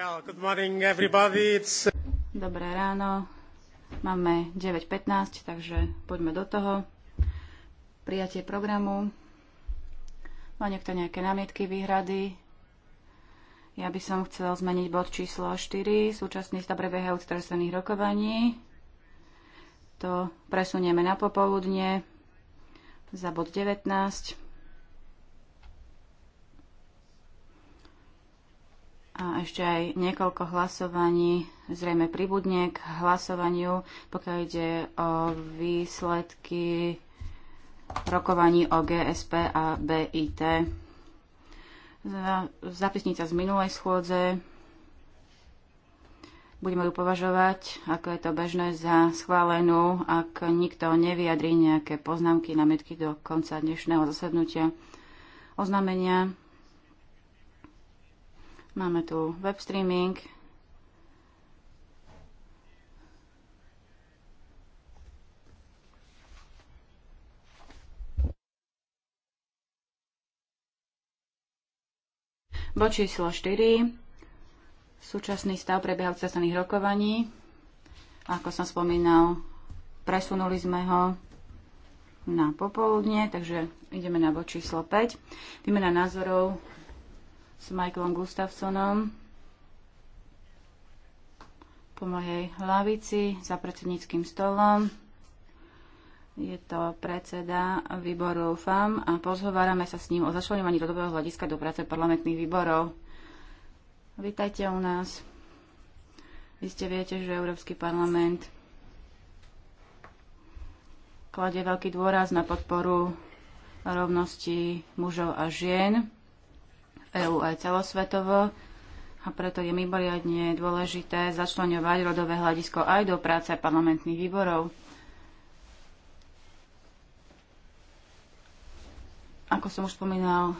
Uh, Dobré ráno. Máme 9.15, takže poďme do toho. Prijatie programu. Má niekto nejaké námietky, výhrady? Ja by som chcel zmeniť bod číslo 4, súčasný stav prebiehajúc trestných rokovaní. To presunieme na popoludne za bod 19. a ešte aj niekoľko hlasovaní zrejme pribudne k hlasovaniu, pokiaľ ide o výsledky rokovaní o GSP a BIT. Zapisnica z minulej schôdze. Budeme ju považovať, ako je to bežné, za schválenú, ak nikto nevyjadrí nejaké poznámky, námietky do konca dnešného zasadnutia. Oznámenia Máme tu web streaming. Bod číslo 4. Súčasný stav prebiehajúcich cestných rokovaní. Ako som spomínal, presunuli sme ho na popoludne, takže ideme na bod číslo 5. Výmena názorov s Michaelom Gustafsonom po mojej hlavici za predsedníckým stolom. Je to predseda výboru FAM a pozhovárame sa s ním o začlenovaní rodového hľadiska do práce parlamentných výborov. Vítajte u nás. Vy ste viete, že Európsky parlament kladie veľký dôraz na podporu rovnosti mužov a žien EÚ aj celosvetovo a preto je mimoriadne dôležité začlenovať rodové hľadisko aj do práce parlamentných výborov. Ako som už spomínal,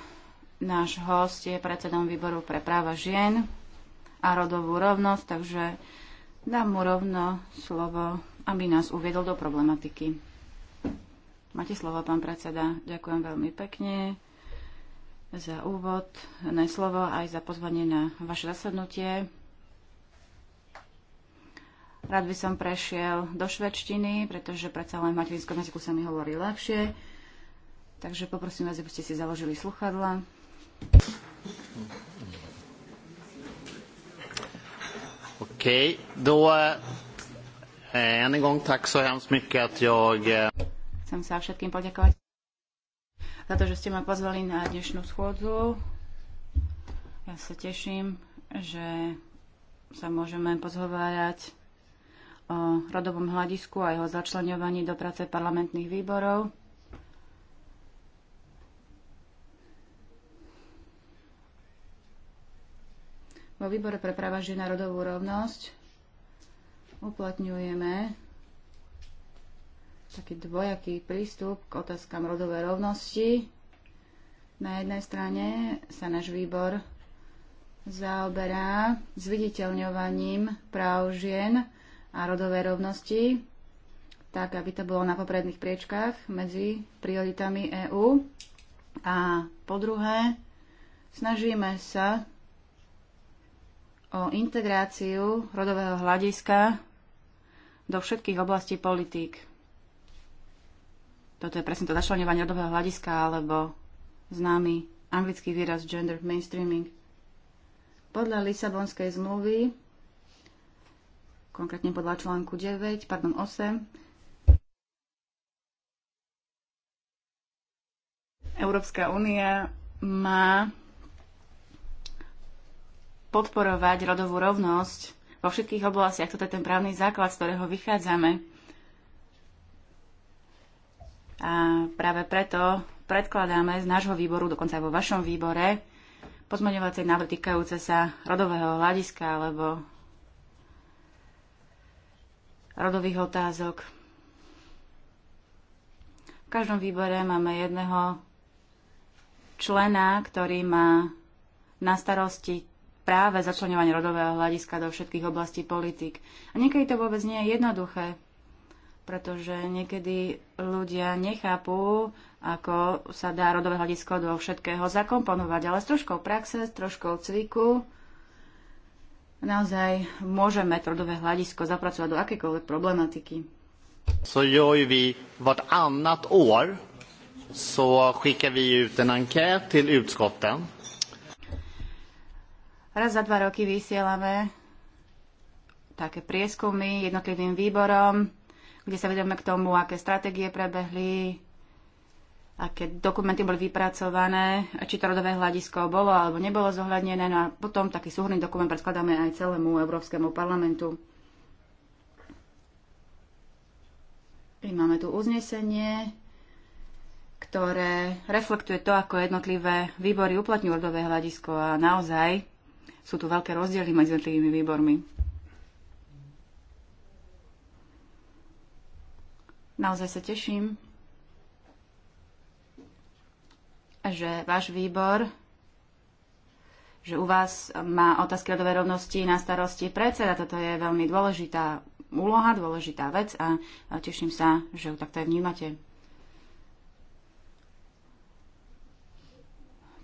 náš host je predsedom výboru pre práva žien a rodovú rovnosť, takže dám mu rovno slovo, aby nás uviedol do problematiky. Máte slovo, pán predseda. Ďakujem veľmi pekne za úvod, na slovo aj za pozvanie na vaše zasadnutie. Rád by som prešiel do švedštiny, pretože predsa len v materinskom jazyku sa mi hovorí lepšie. Takže poprosím vás, aby ste si založili sluchadla. Okej, då eh, en gång tack så hemskt mycket att jag... Eh, Chcem sa všetkým poďakovať za to, že ste ma pozvali na dnešnú schôdzu. Ja sa teším, že sa môžeme pozhovárať o rodovom hľadisku a jeho začlenovaní do práce parlamentných výborov. Vo výbore pre práva žien a rodovú rovnosť uplatňujeme taký dvojaký prístup k otázkam rodovej rovnosti. Na jednej strane sa náš výbor zaoberá zviditeľňovaním práv žien a rodovej rovnosti, tak aby to bolo na popredných priečkách medzi prioritami EÚ. A po druhé, snažíme sa o integráciu rodového hľadiska do všetkých oblastí politík. Toto je presne to začlenovanie rodového hľadiska, alebo známy anglický výraz gender mainstreaming. Podľa Lisabonskej zmluvy, konkrétne podľa článku 9, pardon 8, Európska únia má podporovať rodovú rovnosť vo všetkých oblastiach. Toto je ten právny základ, z ktorého vychádzame. A práve preto predkladáme z nášho výboru, dokonca aj vo vašom výbore, pozmaňovacie návrh týkajúce sa rodového hľadiska alebo rodových otázok. V každom výbore máme jedného člena, ktorý má na starosti práve začlenovanie rodového hľadiska do všetkých oblastí politik. A niekedy to vôbec nie je jednoduché pretože niekedy ľudia nechápu, ako sa dá rodové hľadisko do všetkého zakomponovať, ale s troškou praxe, s troškou cviku naozaj môžeme rodové hľadisko zapracovať do akékoľvek problematiky. Så gör vi vartannat år så skickar vi ut en enkät till utskotten. Raz za dva roky vysielame také prieskumy jednotlivým výborom kde sa vedeme k tomu, aké stratégie prebehli, aké dokumenty boli vypracované, či to rodové hľadisko bolo alebo nebolo zohľadnené. No a potom taký súhrný dokument predkladáme aj celému Európskemu parlamentu. I máme tu uznesenie, ktoré reflektuje to, ako jednotlivé výbory uplatňujú rodové hľadisko a naozaj sú tu veľké rozdiely medzi jednotlivými výbormi. Naozaj sa teším, že váš výbor, že u vás má otázky rodovej rovnosti na starosti predseda. Toto je veľmi dôležitá úloha, dôležitá vec a teším sa, že ju takto aj vnímate.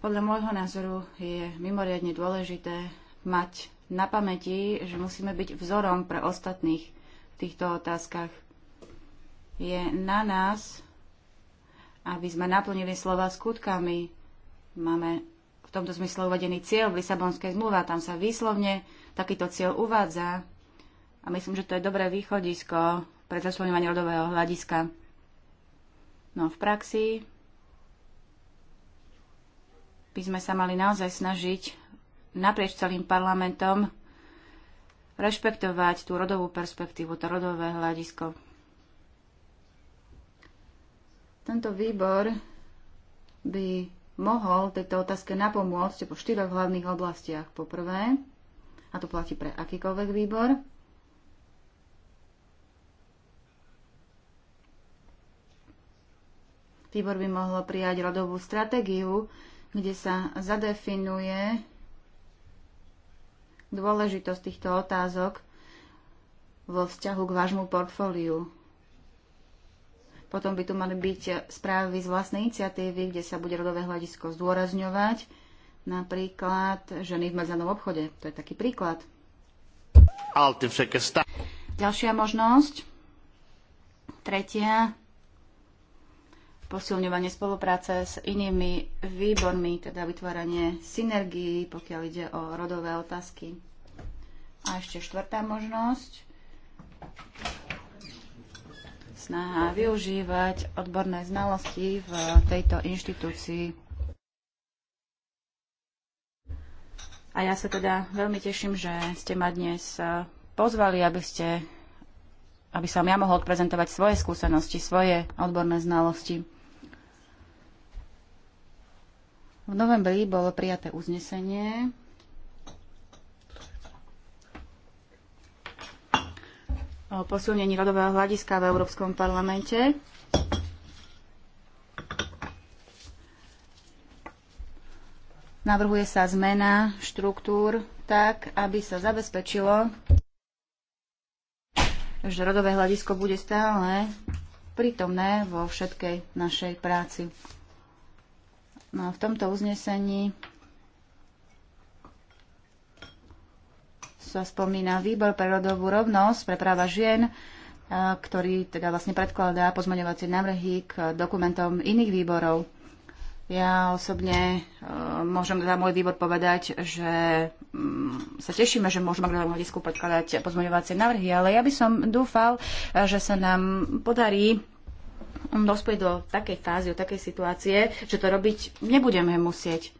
Podľa môjho názoru je mimoriadne dôležité mať na pamäti, že musíme byť vzorom pre ostatných v týchto otázkach je na nás, aby sme naplnili slova skutkami. Máme v tomto zmysle uvedený cieľ v Lisabonskej zmluve tam sa výslovne takýto cieľ uvádza. A myslím, že to je dobré východisko pre začlenovanie rodového hľadiska. No v praxi by sme sa mali naozaj snažiť naprieč celým parlamentom rešpektovať tú rodovú perspektívu, to rodové hľadisko. Tento výbor by mohol tejto otázke napomôcť po štyroch hlavných oblastiach. Po prvé, a to platí pre akýkoľvek výbor, Výbor by mohol prijať rodovú stratégiu, kde sa zadefinuje dôležitosť týchto otázok vo vzťahu k vášmu portfóliu. Potom by tu mali byť správy z vlastnej iniciatívy, kde sa bude rodové hľadisko zdôrazňovať. Napríklad ženy v medzanom obchode. To je taký príklad. Ďalšia možnosť. Tretia. Posilňovanie spolupráce s inými výbormi, teda vytváranie synergií, pokiaľ ide o rodové otázky. A ešte štvrtá možnosť snaha využívať odborné znalosti v tejto inštitúcii. A ja sa teda veľmi teším, že ste ma dnes eh, pozvali, aby ste aby som ja mohol prezentovať svoje skúsenosti, svoje odborné znalosti. V novembri bolo prijaté uznesenie o posilnení rodového hľadiska v Európskom parlamente. Navrhuje sa zmena štruktúr tak, aby sa zabezpečilo, že rodové hľadisko bude stále prítomné vo všetkej našej práci. No a v tomto uznesení sa spomína výbor pre rodovú rovnosť, pre práva žien, ktorý teda vlastne predkladá pozmeňovacie návrhy k dokumentom iných výborov. Ja osobne e, môžem za môj výbor povedať, že mm, sa tešíme, že môžeme k hľadisku podkladať pozmeňovacie návrhy, ale ja by som dúfal, e, že sa nám podarí dospieť do takej fázy, do takej situácie, že to robiť nebudeme musieť.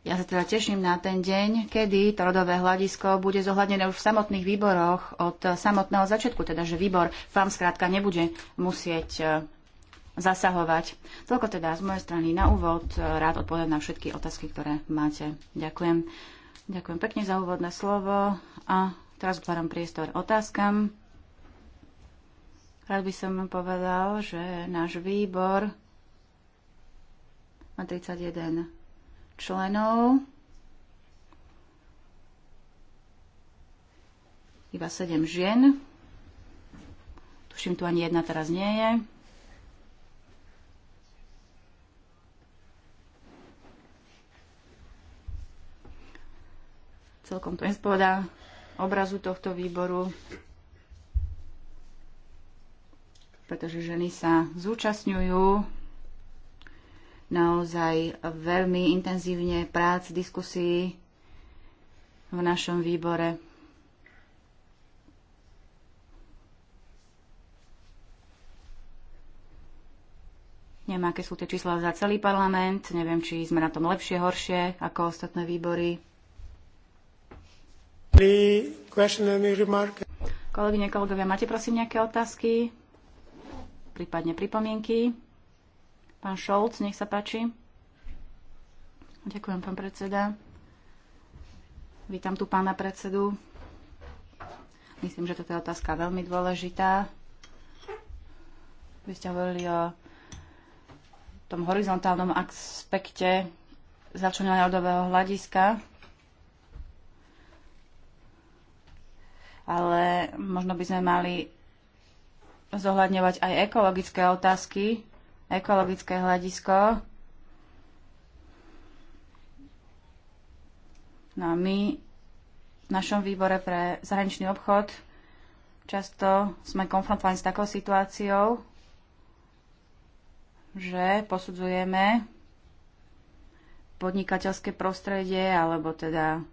Ja sa teda teším na ten deň, kedy to rodové hľadisko bude zohľadnené už v samotných výboroch od samotného začiatku, teda že výbor vám skrátka nebude musieť e, zasahovať. Toľko teda z mojej strany na úvod. E, rád odpovedám na všetky otázky, ktoré máte. Ďakujem. Ďakujem pekne za úvodné slovo a teraz otváram priestor otázkam. Rád by som povedal, že náš výbor má 31 členov. Iba 7 žien. Tuším, tu ani jedna teraz nie je. Celkom to nespovedá obrazu tohto výboru pretože ženy sa zúčastňujú naozaj veľmi intenzívne prác, diskusí v našom výbore. Neviem, aké sú tie čísla za celý parlament. Neviem, či sme na tom lepšie, horšie ako ostatné výbory. Kolegyne, kolegovia, máte prosím nejaké otázky? Prípadne pripomienky? Pán Šolc, nech sa páči. Ďakujem, pán predseda. Vítam tu pána predsedu. Myslím, že toto je otázka veľmi dôležitá. Vy ste hovorili o tom horizontálnom aspekte začlenovania ľudového hľadiska. Ale možno by sme mali zohľadňovať aj ekologické otázky, ekologické hľadisko. No a my v našom výbore pre zahraničný obchod často sme konfrontovaní s takou situáciou, že posudzujeme podnikateľské prostredie alebo teda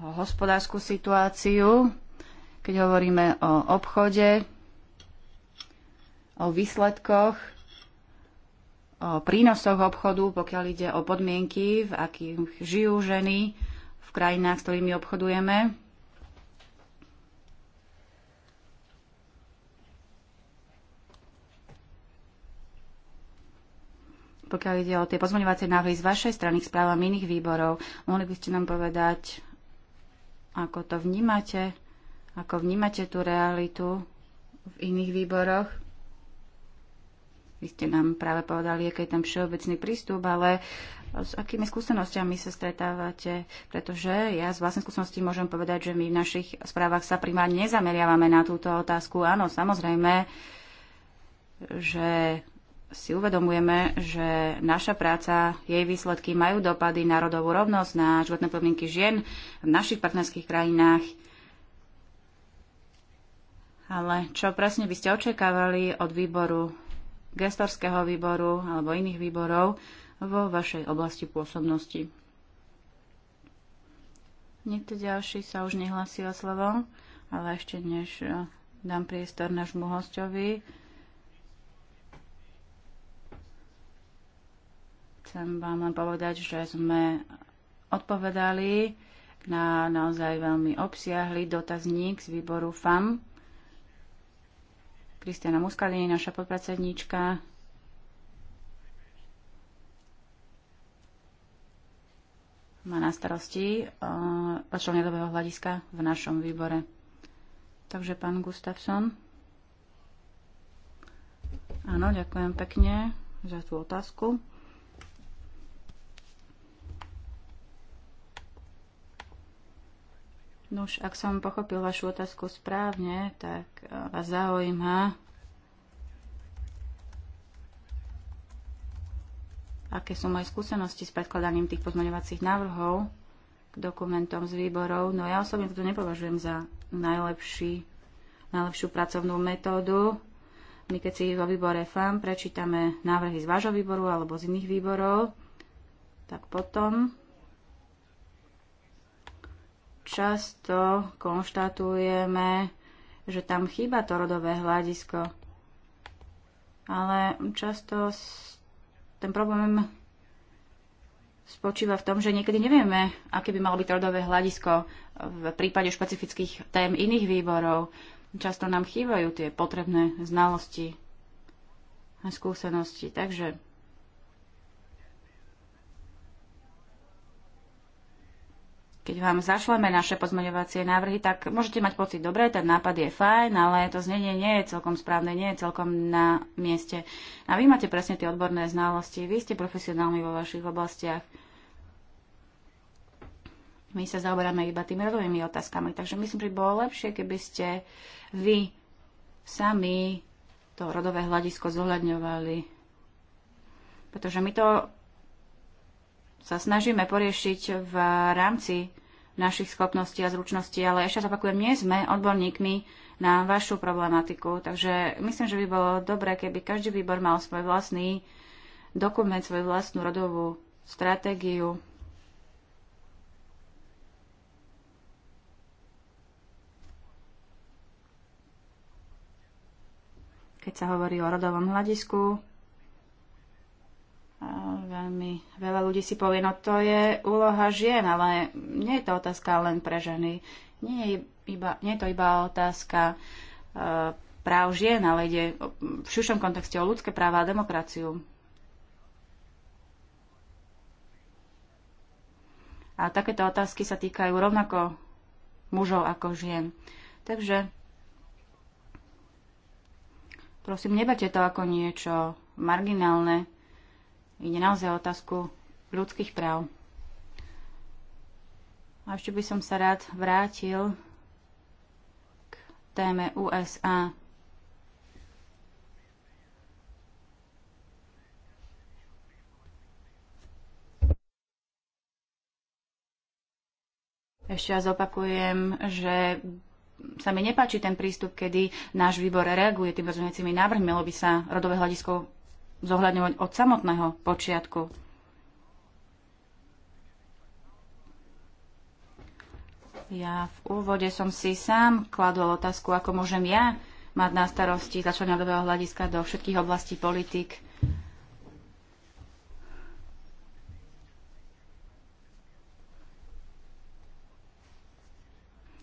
hospodárskú situáciu, keď hovoríme o obchode, o výsledkoch o prínosoch obchodu, pokiaľ ide o podmienky, v akých žijú ženy v krajinách, s ktorými obchodujeme. Pokiaľ ide o tie pozmeňovacie návrhy z vašej strany k správam iných výborov, mohli by ste nám povedať, ako to vnímate, ako vnímate tú realitu v iných výboroch? Vy ste nám práve povedali, aký je tam všeobecný prístup, ale s akými skúsenostiami sa stretávate? Pretože ja z vlastnej skúsenosti môžem povedať, že my v našich správach sa primárne nezameriavame na túto otázku. Áno, samozrejme, že si uvedomujeme, že naša práca, jej výsledky majú dopady na rodovú rovnosť, na životné podmienky žien v našich partnerských krajinách. Ale čo presne by ste očakávali od výboru gestorského výboru alebo iných výborov vo vašej oblasti pôsobnosti. Niekto ďalší sa už nehlasí o slovo, ale ešte než eh, dám priestor nášmu hostovi, chcem vám len povedať, že sme odpovedali na naozaj veľmi obsiahly dotazník z výboru FAM Kristiana Muscadini, naša podpredsedníčka, má na starosti e, od dobeho hľadiska v našom výbore. Takže pán Gustafsson. Áno, ďakujem pekne za tú otázku. Nuž, ak som pochopil vašu otázku správne, tak e, vás zaujíma, aké sú moje skúsenosti s predkladaním tých pozmeňovacích návrhov k dokumentom z výborov. No ja osobne to nepovažujem za najlepší, najlepšiu pracovnú metódu. My keď si vo výbore FAM prečítame návrhy z vášho výboru alebo z iných výborov, tak potom často konštatujeme, že tam chýba to rodové hľadisko. Ale často ten problém spočíva v tom, že niekedy nevieme, aké by malo byť rodové hľadisko v prípade špecifických tém iných výborov. Často nám chýbajú tie potrebné znalosti a skúsenosti. Takže keď vám zašleme naše pozmeňovacie návrhy, tak môžete mať pocit, dobre, ten nápad je fajn, ale to znenie nie je celkom správne, nie je celkom na mieste. A vy máte presne tie odborné znalosti, vy ste profesionálni vo vašich oblastiach. My sa zaoberáme iba tými rodovými otázkami, takže myslím, že bolo lepšie, keby ste vy sami to rodové hľadisko zohľadňovali. Pretože my to sa snažíme poriešiť v rámci našich schopností a zručností, ale ešte opakujem, nie sme odborníkmi na vašu problematiku, takže myslím, že by bolo dobré, keby každý výbor mal svoj vlastný dokument, svoju vlastnú rodovú stratégiu. Keď sa hovorí o rodovom hľadisku, Veľmi veľa ľudí si povie, no to je úloha žien, ale nie je to otázka len pre ženy. Nie je, iba, nie je to iba otázka e, práv žien, ale ide v širšom kontexte o ľudské práva a demokraciu. A takéto otázky sa týkajú rovnako mužov ako žien. Takže prosím, neberte to ako niečo marginálne ide naozaj o otázku ľudských práv. A ešte by som sa rád vrátil k téme USA. Ešte raz opakujem, že sa mi nepáči ten prístup, kedy náš výbor reaguje tým rozhodnúcimi návrhmi, lebo by sa rodové hľadisko zohľadňovať od samotného počiatku. Ja v úvode som si sám kladol otázku, ako môžem ja mať na starosti začlenového hľadiska do všetkých oblastí politik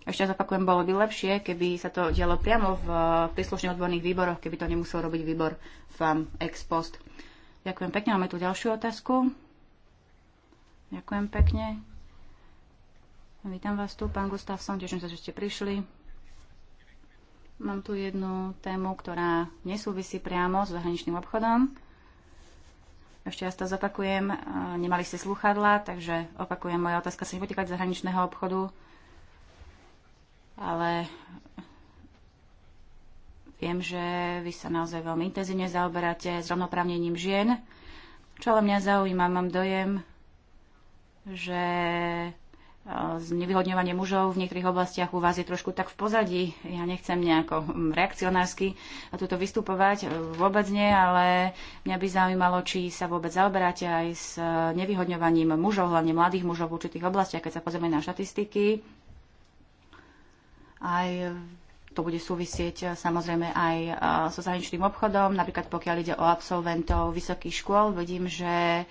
ešte raz opakujem, bolo by lepšie, keby sa to dialo priamo v eh, príslušných odborných výboroch, keby to nemusel robiť výbor FAM ex post. Ďakujem pekne. Máme tu ďalšiu otázku. Ďakujem pekne. Vítam vás tu, pán Gustavson. Teším sa, že ste prišli. Mám tu jednu tému, ktorá nesúvisí priamo s zahraničným obchodom. Ešte raz to zopakujem. Eh, nemali ste sluchadla, takže opakujem, moja otázka sa nepotýka zahraničného obchodu ale viem, že vy sa naozaj veľmi intenzívne zaoberáte s rovnoprávnením žien, čo ale mňa zaujíma. Mám dojem, že e, nevyhodňovanie mužov v niektorých oblastiach u vás je trošku tak v pozadí. Ja nechcem nejako hm, reakcionársky tuto vystupovať, e, vôbec nie, ale mňa by zaujímalo, či sa vôbec zaoberáte aj s e, nevyhodňovaním mužov, hlavne mladých mužov v určitých oblastiach, keď sa pozrieme na štatistiky aj to bude súvisieť e, samozrejme aj e, so zahraničným obchodom. Napríklad pokiaľ ide o absolventov vysokých škôl, vidím, že e,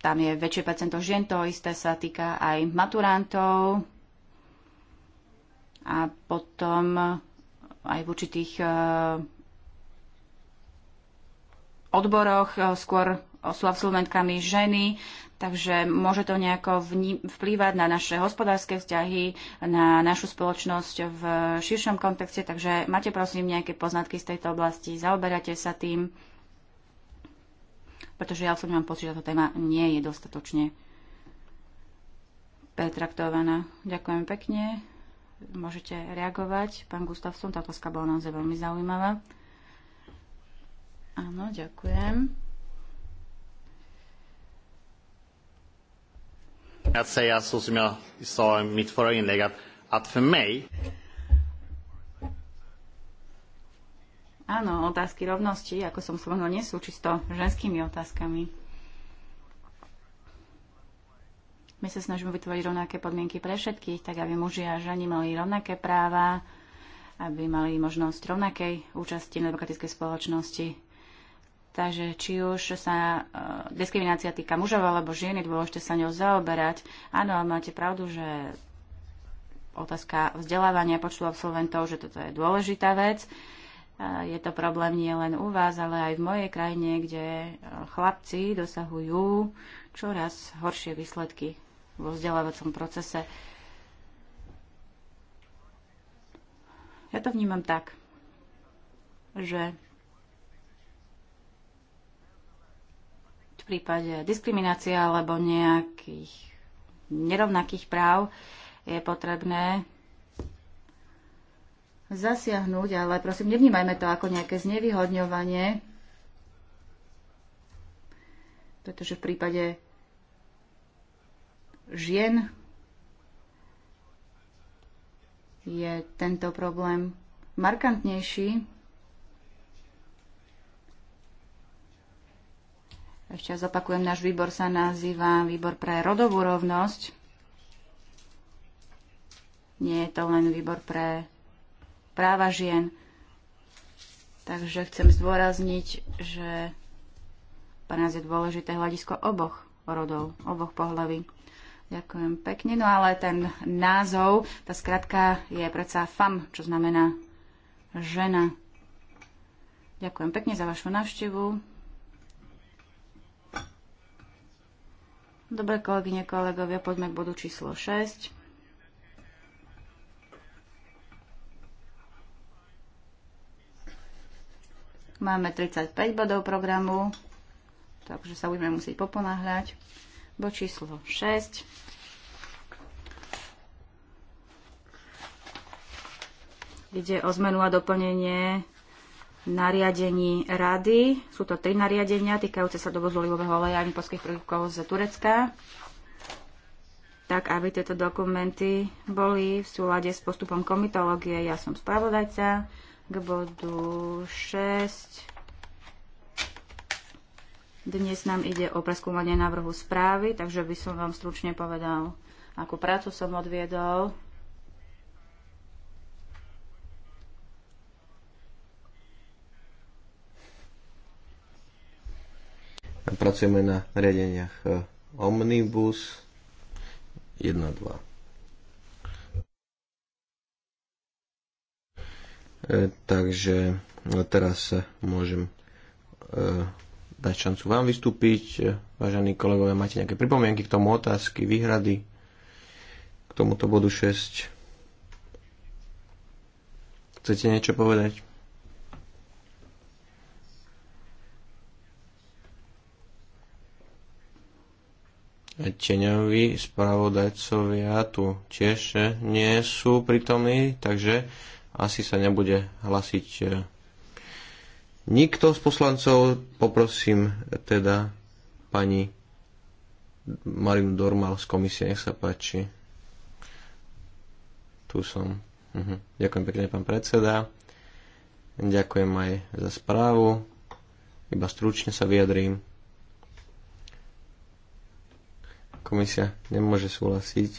tam je väčšie percento žien, to isté sa týka aj maturantov a potom aj v určitých odboroch skôr sú absolventkami ženy, takže môže to nejako vplývať na naše hospodárske vzťahy, na našu spoločnosť v širšom kontexte, takže máte prosím nejaké poznatky z tejto oblasti, zaoberáte sa tým, pretože ja osobne mám pocit, že táto téma nie je dostatočne pretraktovaná. Ďakujem pekne. Môžete reagovať. Pán Gustavson, tá otázka bola naozaj veľmi zaujímavá. Áno, ďakujem. Att säga så som jag sa i mitt förra inlägg att, att för mig Áno, otázky rovnosti, ako som spomenul, nie sú čisto ženskými otázkami. My sa snažíme vytvoriť rovnaké podmienky pre všetkých, tak aby muži a ženy mali rovnaké práva, aby mali možnosť rovnakej účasti na demokratickej spoločnosti. Takže či už sa e, diskriminácia týka mužov alebo žien, je dôležité sa ňou zaoberať. Áno, máte pravdu, že otázka vzdelávania počtu absolventov, že toto je dôležitá vec. E, je to problém nie len u vás, ale aj v mojej krajine, kde e, chlapci dosahujú čoraz horšie výsledky vo vzdelávacom procese. Ja to vnímam tak, že prípade diskriminácie alebo nejakých nerovnakých práv je potrebné zasiahnuť, ale prosím, nevnímajme to ako nejaké znevýhodňovanie, pretože v prípade žien je tento problém markantnejší Ešte raz opakujem, náš výbor sa nazýva Výbor pre rodovú rovnosť. Nie je to len výbor pre práva žien. Takže chcem zdôrazniť, že pre nás je dôležité hľadisko oboch rodov, oboch pohlaví. Ďakujem pekne. No ale ten názov, tá skratka je predsa FAM, čo znamená žena. Ďakujem pekne za vašu návštevu. Dobre, kolegyne, kolegovia, poďme k bodu číslo 6. Máme 35 bodov programu, takže sa budeme musieť poponáhľať. Bod číslo 6. Ide o zmenu a doplnenie nariadení rady. Sú to tri nariadenia týkajúce sa dovozu olivového oleja a nipolských produktov z Turecka tak aby tieto dokumenty boli v súlade s postupom komitológie. Ja som spravodajca k bodu 6. Dnes nám ide o preskúmanie návrhu správy, takže by som vám stručne povedal, akú prácu som odviedol Pracujeme na riadeniach e, Omnibus 1, 2. E, takže e, teraz môžem dať šancu vám vystúpiť. Vážení kolegovia, máte nejaké pripomienky k tomu, otázky, výhrady k tomuto bodu 6? Chcete niečo povedať? teňoví spravodajcovia tu tiež eh, nie sú prítomní, takže asi sa nebude hlasiť eh. nikto z poslancov. Poprosím teda pani Marinu Dormal z komisie, nech sa páči. Tu som. Mhm. Ďakujem pekne, pán predseda. Ďakujem aj za správu. Iba stručne sa vyjadrím. Komisia nemôže súhlasiť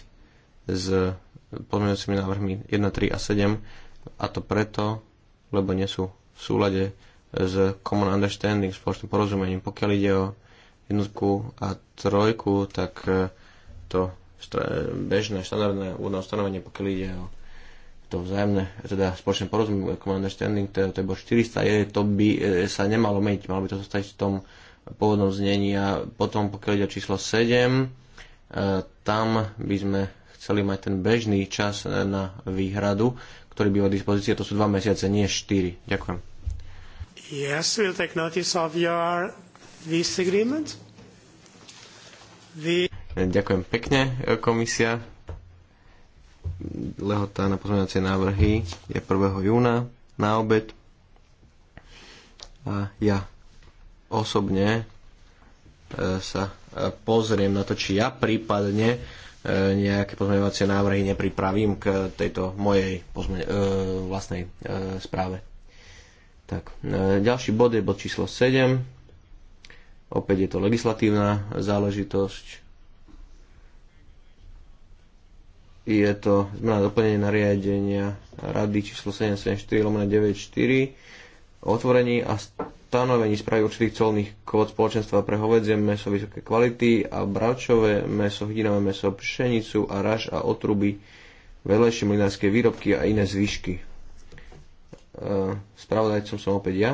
s pozmeňujúcimi návrhmi 1, 3 a 7 a to preto, lebo nie sú v súlade s common understanding, spoločným porozumením. Pokiaľ ide o jednotku a trojku, tak e, to bežné, štandardné úvodné ustanovenie, pokiaľ ide o to vzájomné, teda spoločné porozumenie, e, common understanding, to je, to je bod 400, to by e, sa nemalo meniť, malo by to zostať v tom pôvodnom znení a potom pokiaľ ide o číslo 7, E, tam by sme chceli mať ten bežný čas e, na výhradu, ktorý býva v dispozícii, to sú dva mesiace, nie štyri Ďakujem. Yes, we'll take notice of your this agreement. The... E, ďakujem pekne, komisia. Lehota na pozmeňovacie návrhy je 1. júna na obed. A ja osobne sa pozriem na to, či ja prípadne e, nejaké pozmeňovacie návrhy nepripravím k tejto mojej pozmeň- e, vlastnej e, správe. Tak, ďalší bod je bod číslo 7. Opäť je to legislatívna záležitosť. Je to zmena doplnenie nariadenia Rady číslo 774 94 o otvorení a stanovení správy určitých colných kvót spoločenstva pre hovedzie meso vysoké kvality a bravčové meso, hydinové meso, pšenicu a raž a otruby, vedlejšie mlinárske výrobky a iné zvyšky. E, spravodajcom som opäť ja.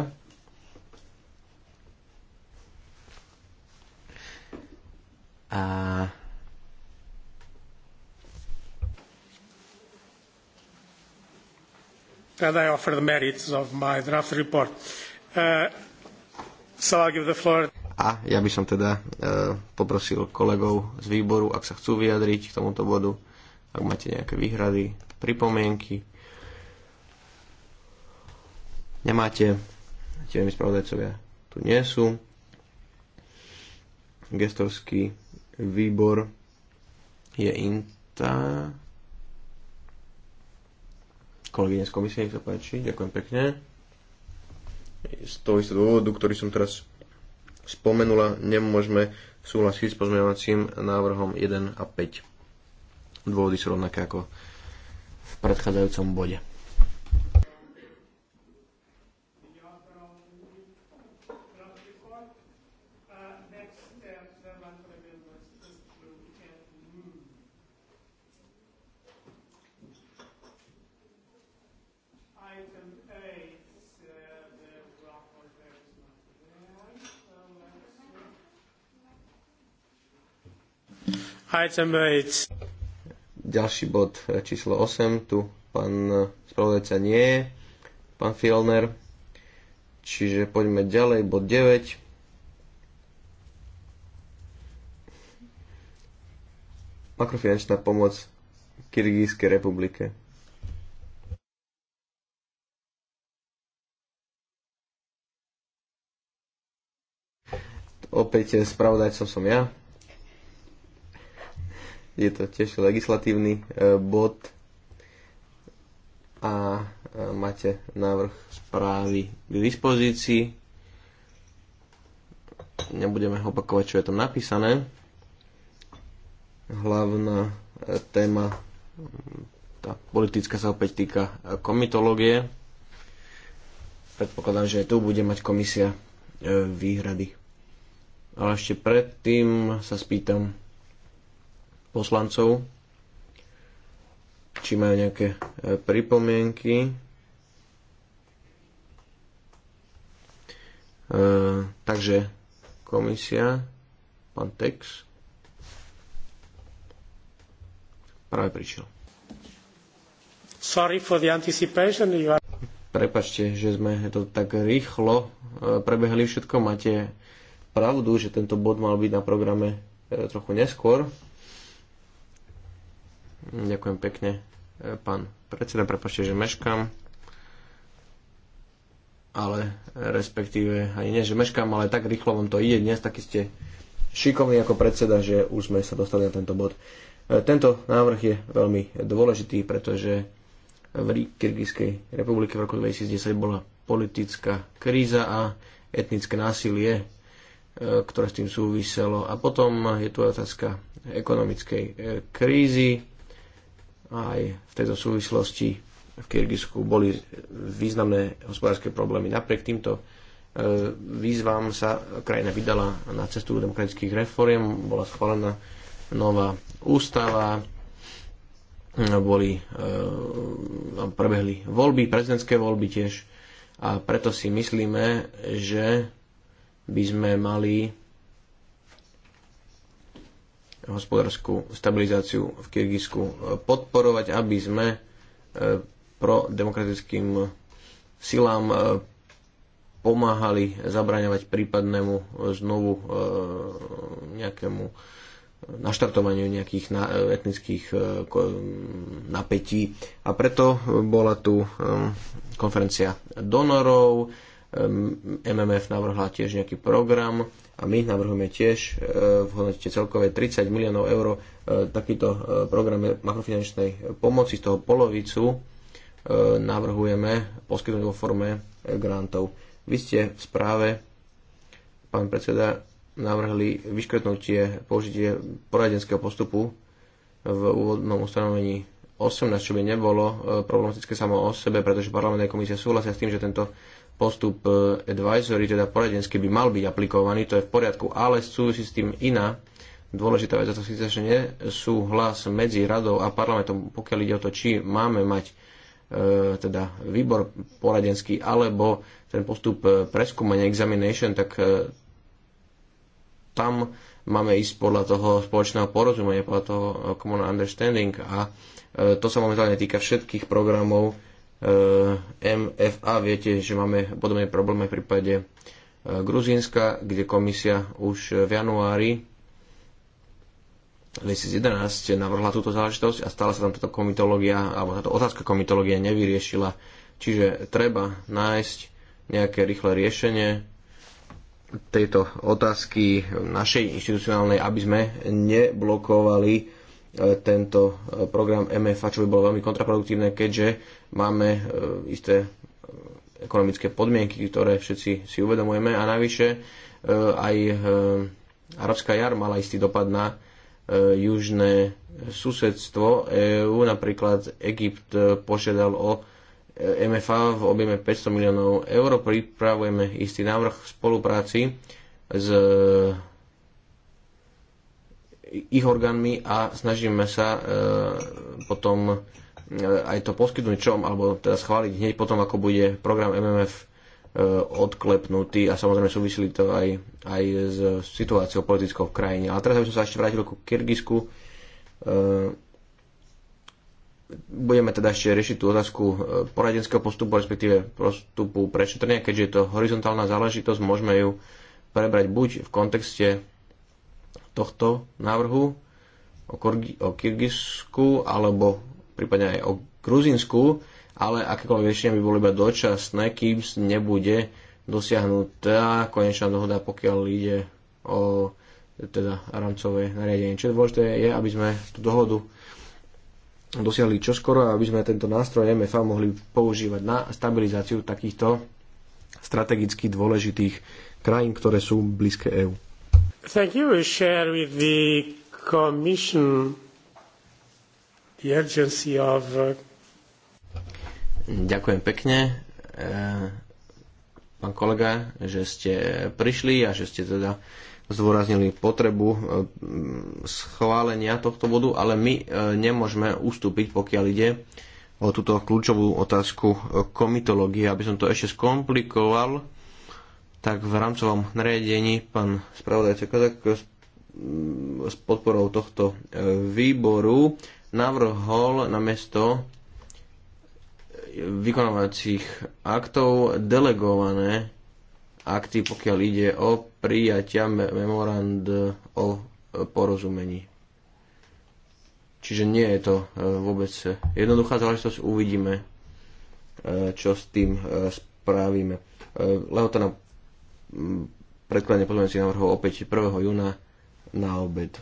A and I offer the merits of my draft report. A ja by som teda e, poprosil kolegov z výboru, ak sa chcú vyjadriť k tomuto bodu, ak máte nejaké výhrady, pripomienky. Nemáte, tie spravodajcovia tu nie sú. Gestorský výbor je INTA. Kolegyne z komisie, nech sa páči, ďakujem pekne z toho istého dôvodu, ktorý som teraz spomenula, nemôžeme súhlasiť s pozmeňovacím návrhom 1 a 5. Dôvody sú rovnaké ako v predchádzajúcom bode. Ďalší bod eh, číslo 8, tu pán eh, spravodajca nie je, pán Fielner. Čiže poďme ďalej, bod 9. Makrofinančná pomoc Kyrgyzskej republike. Opäť eh, spravodajcom som ja je to tiež legislatívny e, bod a e, máte návrh správy k dispozícii. Nebudeme opakovať, čo je tam napísané. Hlavná e, téma, tá politická sa opäť týka komitológie. Predpokladám, že aj tu bude mať komisia výhrady. Ale ešte predtým sa spýtam, poslancov, či majú nejaké e, pripomienky. E, takže komisia, pán Tex, práve prišiel. Sorry for the anticipation. You are... Prepačte, že sme to tak rýchlo e, prebehli všetko. Máte pravdu, že tento bod mal byť na programe e, trochu neskôr. Ďakujem pekne, e, pán predseda. prepašte, že meškám. Ale respektíve, ani nie, že meškám, ale tak rýchlo vám to ide dnes, taký ste šikovní ako predseda, že už sme sa dostali na tento bod. E, tento návrh je veľmi dôležitý, pretože v Kyrgyzskej republike v roku 2010 bola politická kríza a etnické násilie, e, ktoré s tým súviselo. A potom je tu otázka ekonomickej krízy, aj v tejto súvislosti v Kyrgyzsku boli významné hospodárske problémy. Napriek týmto e, výzvam sa krajina vydala na cestu demokratických reforiem, bola schválená nová ústava, boli, e, prebehli voľby, prezidentské voľby tiež a preto si myslíme, že by sme mali hospodárskú stabilizáciu v Kyrgyzsku e, podporovať, aby sme e, prodemokratickým silám e, pomáhali zabraňovať prípadnému znovu nejakému naštartovaniu nejakých etnických napätí. A preto bola tu konferencia donorov, MMF navrhla tiež nejaký program a my navrhujeme tiež e, v hodnote celkové 30 miliónov eur e, takýto e, program makrofinančnej pomoci, z toho polovicu navrhujeme poskytnúť vo forme grantov. Vy ste v správe, pán predseda, navrhli vyškretnutie použitie poradenského postupu v úvodnom ustanovení 18, čo by nebolo problematické samo o sebe, pretože parlamentná komisia súhlasia s tým, že tento postup e, advisory, teda poradenský, by mal byť aplikovaný, to je v poriadku, ale súvisí s tým iná dôležitá vec, a to síce, nie sú hlas medzi radou a parlamentom, pokiaľ ide o to, či máme mať e, teda výbor poradenský alebo ten postup e, preskúmania examination, tak tam máme ísť podľa toho spoločného porozumenia, podľa toho common understanding a to sa momentálne týka všetkých programov E, MFA. Viete, že máme podobné problémy v prípade e, Gruzínska, kde komisia už v januári 2011 navrhla túto záležitosť a stále sa tam táto komitológia, alebo táto otázka komitológia nevyriešila. Čiže treba nájsť nejaké rýchle riešenie tejto otázky našej inštitucionálnej, aby sme neblokovali E, tento e, program MFA, čo by bolo veľmi kontraproduktívne, keďže máme e, isté ekonomické podmienky, ktoré všetci si uvedomujeme a navyše aj arabská jar mala istý dopad na južné susedstvo EÚ, napríklad Egypt požiadal o MFA v objeme 500 miliónov eur. Pripravujeme istý návrh v spolupráci s ich orgánmi a snažíme sa e, potom e, aj to poskytnúť čom, alebo teda schváliť hneď potom, ako bude program MMF e, odklepnutý a samozrejme súvisili to aj, aj s situáciou politickou v krajine. Ale teraz by som sa ešte vrátil ku Kyrgyzsku. Budeme teda ešte riešiť tú otázku poradenského postupu, respektíve postupu prešetrenia, keďže je to horizontálna záležitosť, môžeme ju prebrať buď v kontexte tohto návrhu o, Kurgi, o Kyrgyzsku alebo prípadne aj o Gruzinsku, ale akékoľvek riešenia by boli iba dočasné, kým nebude dosiahnutá konečná dohoda, pokiaľ ide o teda rámcové nariadenie. Čo je dôležité je, aby sme tú dohodu dosiahli čoskoro a aby sme tento nástroj MFA mohli používať na stabilizáciu takýchto strategicky dôležitých krajín, ktoré sú blízke EÚ. Thank you. We share with the Commission the urgency of... Uh, Ďakujem pekne, e, pán kolega, že ste prišli a že ste teda zdôraznili potrebu e, schválenia tohto bodu, ale my e, nemôžeme ustúpiť, pokiaľ ide o túto kľúčovú otázku komitológie. Aby som to ešte skomplikoval, tak v rámcovom nariadení pán spravodajca Kozak s podporou tohto e, výboru navrhol na mesto e, vykonávacích aktov delegované akty, pokiaľ ide o prijatia memorand o e, porozumení. Čiže nie je to vôbec jednoduchá záležitosť, uvidíme, čo s tým spravíme. Lehota na predkladne pozmeňujúcich návrhov opäť 1. júna na obed.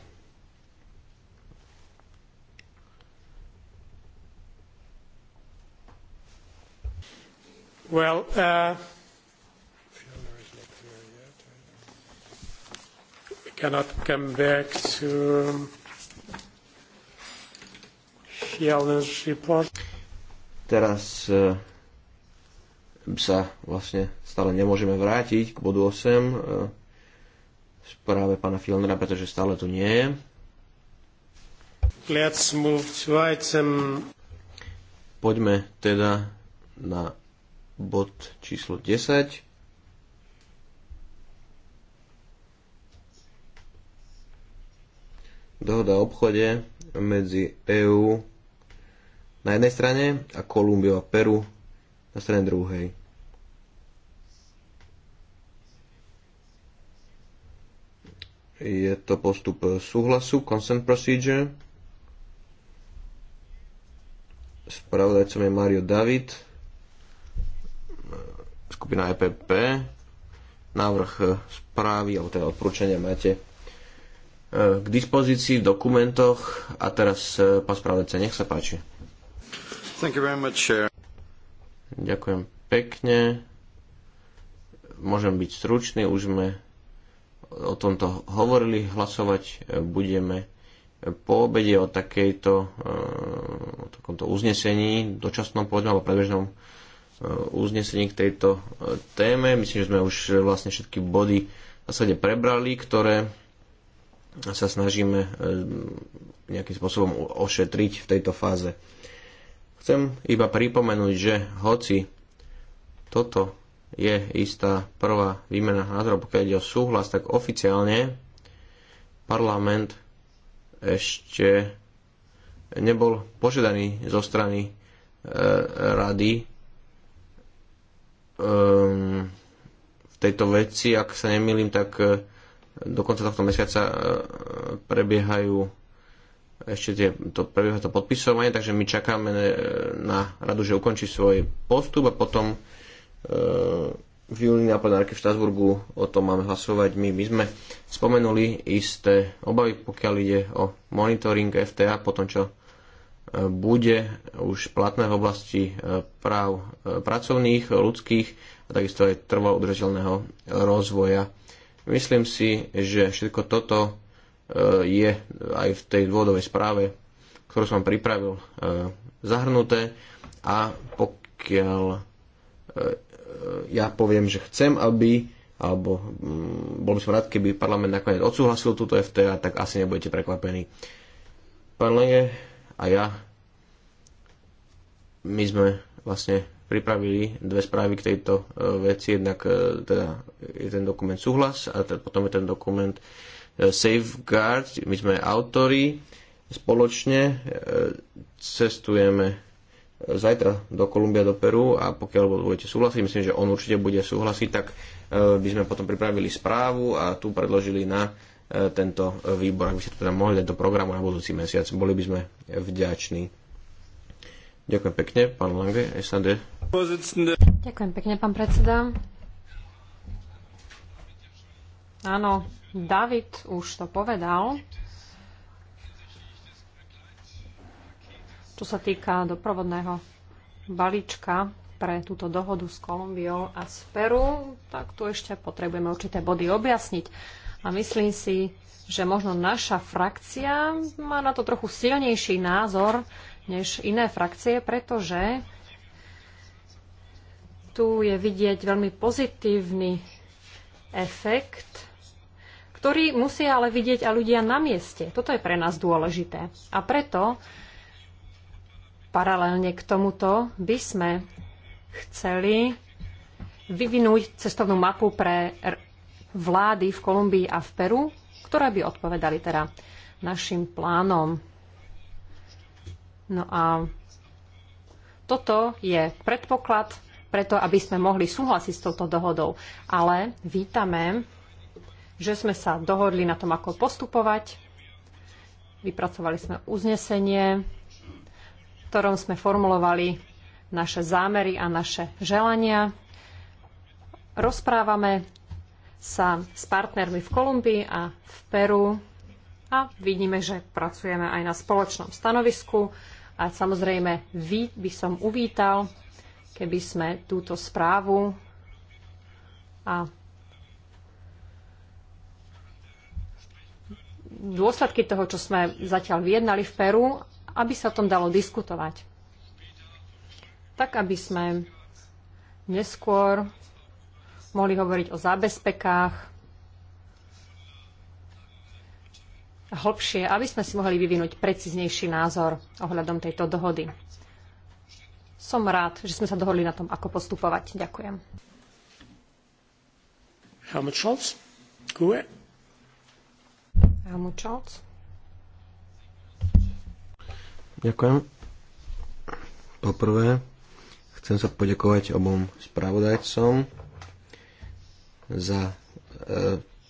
Well, uh, we cannot come back to Field's report. Teraz uh, sa vlastne stále nemôžeme vrátiť k bodu 8 e, v správe pána Filnera, pretože stále tu nie je. Let's move Poďme teda na bod číslo 10. Dohoda o obchode medzi EÚ na jednej strane a Kolumbiou a Peru na strane druhej. Je to postup súhlasu, consent procedure. Spravodajcom je Mario David, skupina EPP. Návrh správy, alebo teda odporúčania máte e, k dispozícii v dokumentoch. A teraz, e, pán spravodajca, nech sa páči. Thank you very much, Ďakujem pekne. Môžem byť stručný, už sme o tomto hovorili, hlasovať e, budeme po obede o takejto e, o takomto uznesení, dočasnom povedzme, alebo predbežnom e, uznesení k tejto téme. Myslím, že sme už vlastne všetky body v zásade prebrali, ktoré sa snažíme nejakým spôsobom ošetriť v tejto fáze Chcem iba pripomenúť, že hoci toto je istá prvá výmena názorov, pokiaľ ide o súhlas, tak oficiálne parlament ešte nebol požiadaný zo strany e, rady um, v tejto veci, ak sa nemýlim, tak e, do konca tohto mesiaca e, prebiehajú ešte tie, to prebieha to podpisovanie, takže my čakáme e, na radu, že ukončí svoj postup a potom e, v júni na plenárke v Štrasburgu o tom máme hlasovať. My, my sme spomenuli isté obavy, pokiaľ ide o monitoring FTA, potom čo e, bude už platné v oblasti e, práv pracovných, ľudských a takisto aj trvalo udržateľného rozvoja. Myslím si, že všetko toto E, je aj v tej dôvodovej správe, ktorú som pripravil, e, zahrnuté a pokiaľ e, ja poviem, že chcem, aby alebo mm, bol by som rád, keby parlament nakoniec odsúhlasil túto FTA, tak asi nebudete prekvapení. Pán Lenge a ja, my sme vlastne pripravili dve správy k tejto veci. Jednak teda je ten dokument súhlas a teda potom je ten dokument Safeguard, my sme autori, spoločne e, cestujeme zajtra do Kolumbia, do Peru a pokiaľ budete súhlasiť, myslím, že on určite bude súhlasiť, tak e, by sme potom pripravili správu a tu predložili na e, tento výbor, ak by ste to teda mohli dať do programu na budúci mesiac. Boli by sme vďační. Ďakujem pekne, pán Lange, SAD. Ďakujem pekne, pán predseda. Áno, David už to povedal. Čo sa týka doprovodného balíčka pre túto dohodu s Kolumbiou a s Peru, tak tu ešte potrebujeme určité body objasniť. A myslím si, že možno naša frakcia má na to trochu silnejší názor než iné frakcie, pretože tu je vidieť veľmi pozitívny efekt ktorý musia ale vidieť a ľudia na mieste. Toto je pre nás dôležité. A preto paralelne k tomuto by sme chceli vyvinúť cestovnú mapu pre vlády v Kolumbii a v Peru, ktoré by odpovedali teda našim plánom. No a toto je predpoklad preto, aby sme mohli súhlasiť s touto dohodou. Ale vítame že sme sa dohodli na tom, ako postupovať. Vypracovali sme uznesenie, v ktorom sme formulovali naše zámery a naše želania. Rozprávame sa s partnermi v Kolumbii a v Peru a vidíme, že pracujeme aj na spoločnom stanovisku a samozrejme vy by som uvítal, keby sme túto správu a dôsledky toho, čo sme zatiaľ vyjednali v Peru, aby sa o tom dalo diskutovať. Tak, aby sme neskôr mohli hovoriť o zábezpekách hlbšie, aby sme si mohli vyvinúť preciznejší názor ohľadom tejto dohody. Som rád, že sme sa dohodli na tom, ako postupovať. Ďakujem. Helmut Scholz, Gue. Helmut Scholz. Ďakujem. Poprvé, chcem sa poďakovať obom spravodajcom za e,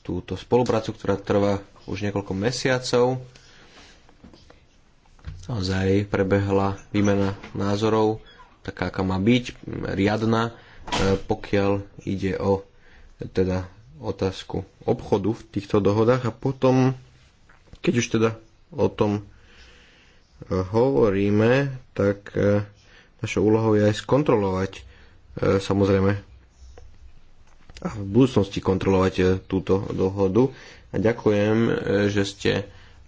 túto spoluprácu, ktorá trvá už niekoľko mesiacov. Naozaj prebehla výmena názorov, taká, aká má byť, riadna, e, pokiaľ ide o teda otázku obchodu v týchto dohodách a potom, keď už teda o tom e, hovoríme, tak e, našou úlohou je aj skontrolovať e, samozrejme a v budúcnosti kontrolovať túto dohodu. A ďakujem, že ste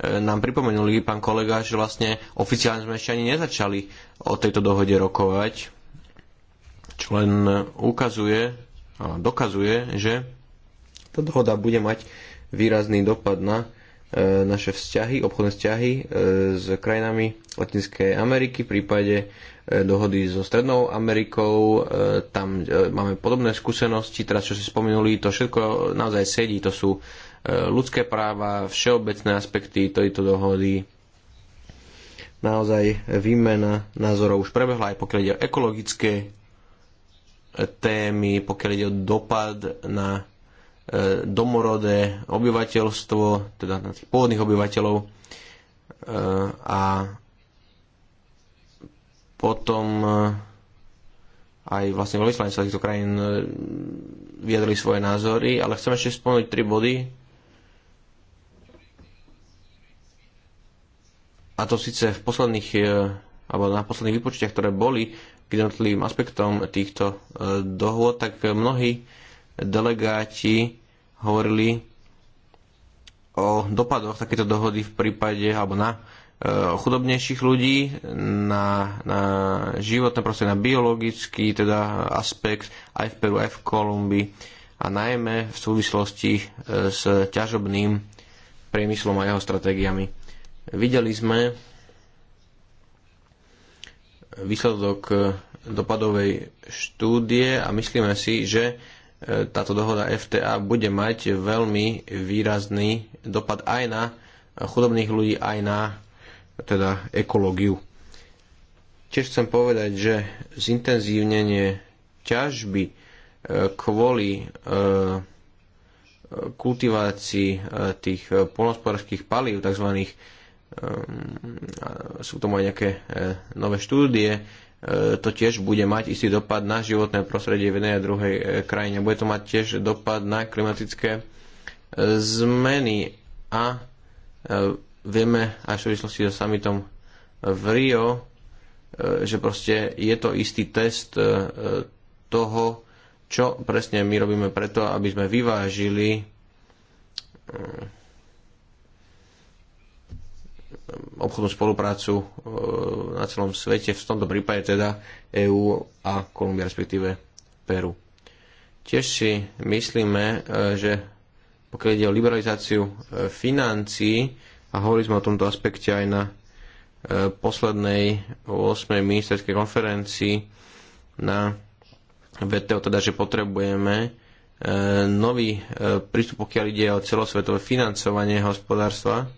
nám pripomenuli, pán kolega, že vlastne oficiálne sme ešte ani nezačali o tejto dohode rokovať, čo len ukazuje, dokazuje, že tá dohoda bude mať výrazný dopad na e, naše vzťahy, obchodné vzťahy e, s krajinami Latinskej Ameriky, v prípade e, dohody so Strednou Amerikou. E, tam e, máme podobné skúsenosti, teraz čo si spomenuli, to všetko naozaj sedí, to sú e, ľudské práva, všeobecné aspekty tejto dohody. Naozaj výmena názorov už prebehla aj pokiaľ ide o ekologické e, témy, pokiaľ ide o dopad na E, domorodé obyvateľstvo, teda na tých pôvodných obyvateľov e, a potom e, aj vlastne sa týchto krajín vyjadrili svoje názory, ale chcem ešte spomenúť tri body. A to síce v posledných, alebo na posledných vypočtiach, ktoré boli k jednotlivým aspektom týchto dohôd, tak mnohí delegáti hovorili o dopadoch takéto dohody v prípade alebo na e, chudobnejších ľudí, na, na životné prostredie, na biologický teda aspekt aj v Peru, aj v Kolumbii a najmä v súvislosti e, s ťažobným priemyslom a jeho stratégiami. Videli sme výsledok e, dopadovej štúdie a myslíme si, že táto dohoda FTA bude mať veľmi výrazný dopad aj na chudobných ľudí, aj na teda ekológiu. Tiež chcem povedať, že zintenzívnenie ťažby e, kvôli e, kultivácii e, tých polnospodárských palív, tzv. Ehm, sú tomu aj nejaké e, nové štúdie, e, to tiež bude mať istý dopad na životné prostredie v jednej a druhej e, krajine. Bude to mať tiež dopad na klimatické zmeny a vieme aj v súvislosti so summitom v Rio, že proste je to istý test toho, čo presne my robíme preto, aby sme vyvážili obchodnú spoluprácu e, na celom svete, v tomto prípade teda EÚ a Kolumbia, respektíve Peru. Tiež si myslíme, e, že pokiaľ ide o liberalizáciu e, financií, a hovorili sme o tomto aspekte aj na poslednej 8. ministerskej konferencii na VTO, teda že potrebujeme nový prístup, pokiaľ ide o celosvetové financovanie hospodárstva,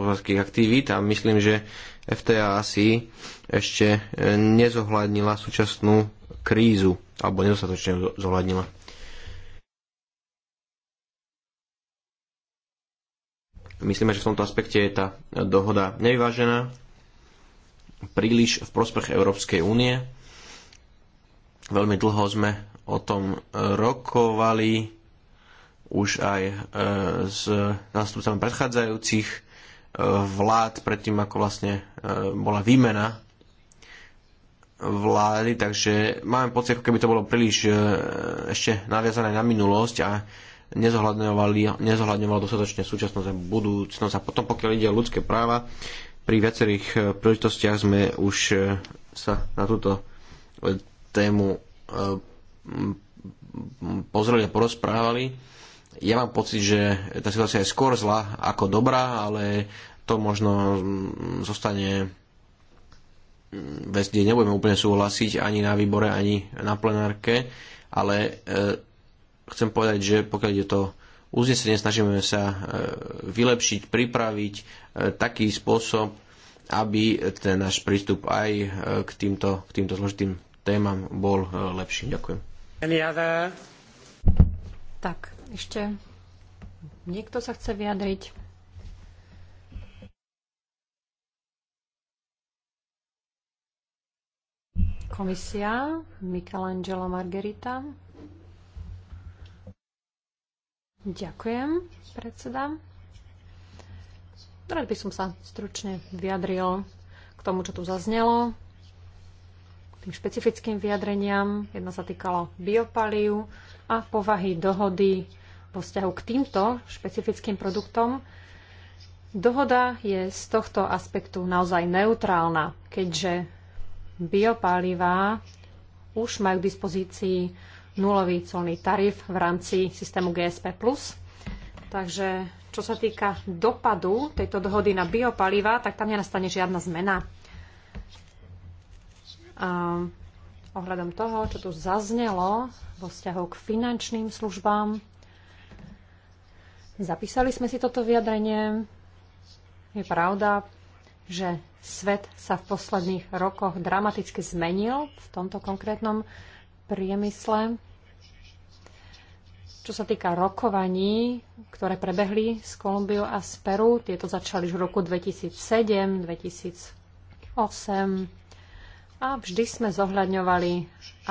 hospodárskych aktivít a myslím, že FTA asi ešte e, nezohľadnila súčasnú krízu, alebo nedostatočne zohľadnila. Myslíme, že v tomto aspekte je tá dohoda nevyvážená, príliš v prospech Európskej únie. Veľmi dlho sme o tom rokovali už aj e, s zástupcami predchádzajúcich vlád predtým, ako vlastne e, bola výmena vlády, takže máme pocit, ako keby to bolo príliš e, ešte naviazané na minulosť a nezohľadňovalo dostatočne súčasnosť a budúcnosť. A potom, pokiaľ ide o ľudské práva, pri viacerých e, príležitostiach sme už sa na túto tému pozreli a porozprávali ja mám pocit, že tá situácia je skôr zlá ako dobrá, ale to možno mm, zostane mm, vec, kde nebudeme úplne súhlasiť ani na výbore, ani na plenárke, ale e, chcem povedať, že pokiaľ je to uznesenie, snažíme sa e, vylepšiť, pripraviť e, taký spôsob, aby ten náš prístup aj e, k, týmto, k týmto zložitým témam bol e, lepší. Ďakujem. Tak, ešte niekto sa chce vyjadriť? Komisia Michelangelo Margherita. Ďakujem, predseda. Rád by som sa stručne vyjadril k tomu, čo tu zaznelo, tým špecifickým vyjadreniam. Jedna sa týkala biopaliu a povahy dohody vo vzťahu k týmto špecifickým produktom, dohoda je z tohto aspektu naozaj neutrálna, keďže biopálivá už majú k dispozícii nulový colný tarif v rámci systému GSP+. Takže čo sa týka dopadu tejto dohody na biopaliva, tak tam nenastane žiadna zmena. A ohľadom toho, čo tu zaznelo vo vzťahu k finančným službám, Zapísali sme si toto vyjadrenie. Je pravda, že svet sa v posledných rokoch dramaticky zmenil v tomto konkrétnom priemysle. Čo sa týka rokovaní, ktoré prebehli s Kolumbiou a z Peru, tieto začali už v roku 2007, 2008 a vždy sme zohľadňovali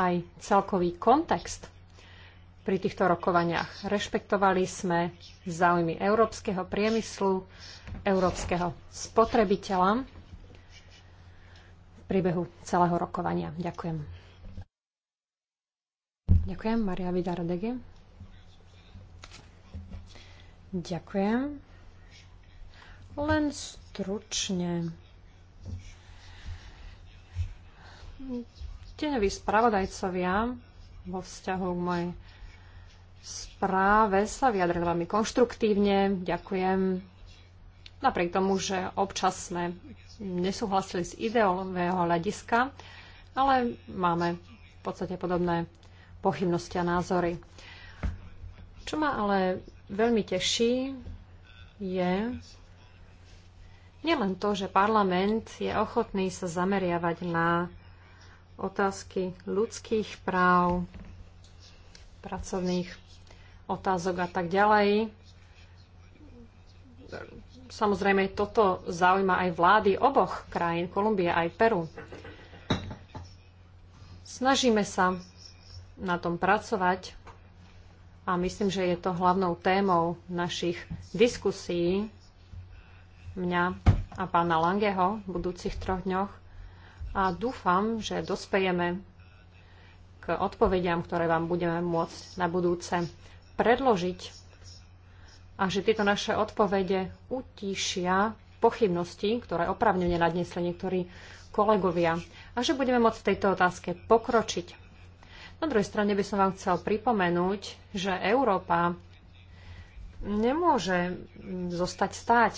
aj celkový kontext pri týchto rokovaniach. Rešpektovali sme záujmy európskeho priemyslu, európskeho spotrebiteľa v priebehu celého rokovania. Ďakujem. Ďakujem, Maria Vidarodegi. Ďakujem. Len stručne. Tieňoví spravodajcovia vo vzťahu k mojej správe sa vyjadril veľmi konštruktívne. Ďakujem. Napriek tomu, že občas sme nesúhlasili z ideového hľadiska, ale máme v podstate podobné pochybnosti a názory. Čo ma ale veľmi teší, je nielen to, že parlament je ochotný sa zameriavať na otázky ľudských práv, pracovných otázok a tak ďalej. Samozrejme, toto zaujíma aj vlády oboch krajín, Kolumbie aj Peru. Snažíme sa na tom pracovať a myslím, že je to hlavnou témou našich diskusí mňa a pána Langeho v budúcich troch dňoch a dúfam, že dospejeme k odpovediam, ktoré vám budeme môcť na budúce predložiť a že tieto naše odpovede utíšia pochybnosti, ktoré opravnene nadnesli niektorí kolegovia a že budeme môcť v tejto otázke pokročiť. Na druhej strane by som vám chcel pripomenúť, že Európa nemôže zostať stáť.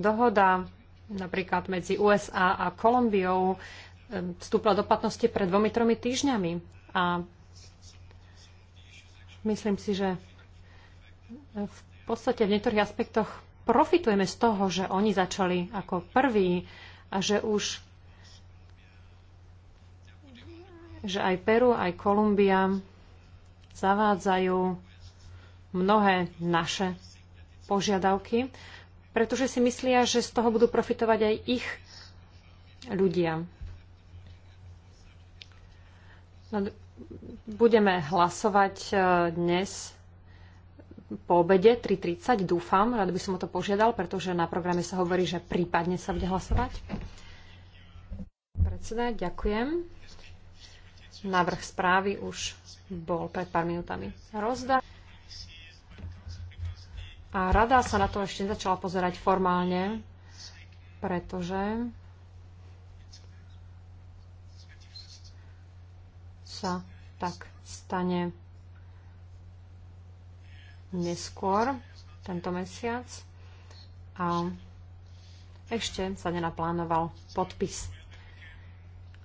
Dohoda napríklad medzi USA a Kolumbiou ehm, vstúpla do platnosti pred dvomi, tromi týždňami a Myslím si, že v podstate v niektorých aspektoch profitujeme z toho, že oni začali ako prví a že už že aj Peru, aj Kolumbia zavádzajú mnohé naše požiadavky, pretože si myslia, že z toho budú profitovať aj ich ľudia budeme hlasovať e, dnes po obede 3.30, dúfam. Rád by som o to požiadal, pretože na programe sa hovorí, že prípadne sa bude hlasovať. Predseda, ďakujem. Návrh správy už bol pred pár minútami rozda. A rada sa na to ešte začala pozerať formálne, pretože sa tak stane neskôr tento mesiac a ešte sa nenaplánoval podpis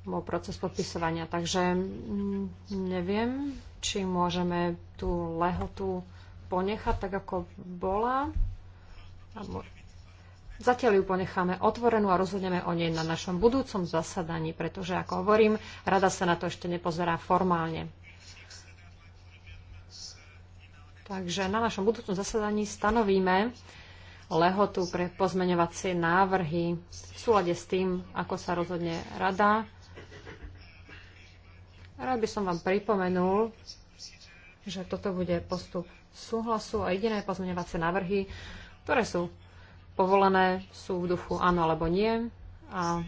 bol proces podpisovania. Takže mm, neviem, či môžeme tú lehotu ponechať tak, ako bola. Zatiaľ ju ponecháme otvorenú a rozhodneme o nej na našom budúcom zasadaní, pretože, ako hovorím, rada sa na to ešte nepozerá formálne. Takže na našom budúcom zasadaní stanovíme lehotu pre pozmeňovacie návrhy v súlade s tým, ako sa rozhodne rada. Rád by som vám pripomenul, že toto bude postup súhlasu a jediné pozmeňovacie návrhy, ktoré sú povolené sú v duchu áno alebo nie. A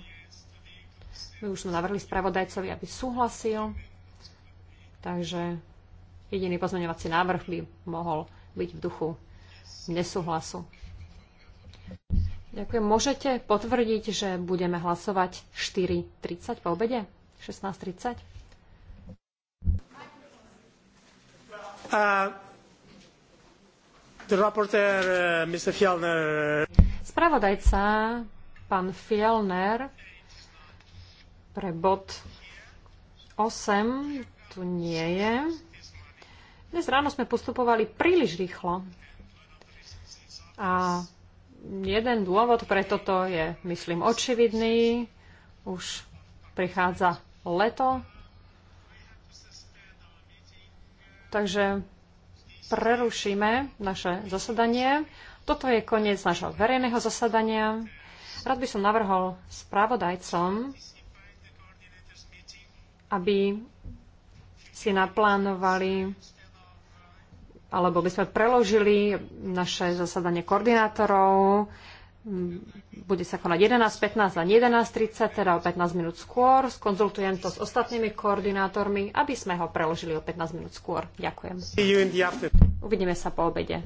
my už sme navrhli spravodajcovi, aby súhlasil, takže jediný pozmeňovací návrh by mohol byť v duchu nesúhlasu. Ďakujem. Môžete potvrdiť, že budeme hlasovať 4.30 po obede? 16.30? Uh... Uh, Spravodajca, pán Fielner, pre bod 8 tu nie je. Dnes ráno sme postupovali príliš rýchlo. A jeden dôvod pre toto je, myslím, očividný. Už prichádza leto. Takže prerušíme naše zasadanie. Toto je koniec našho verejného zasadania. Rád by som navrhol správodajcom, aby si naplánovali alebo by sme preložili naše zasadanie koordinátorov bude sa konať 11.15 a 11.30, teda o 15 minút skôr. Skonzultujem to s ostatnými koordinátormi, aby sme ho preložili o 15 minút skôr. Ďakujem. Uvidíme sa po obede.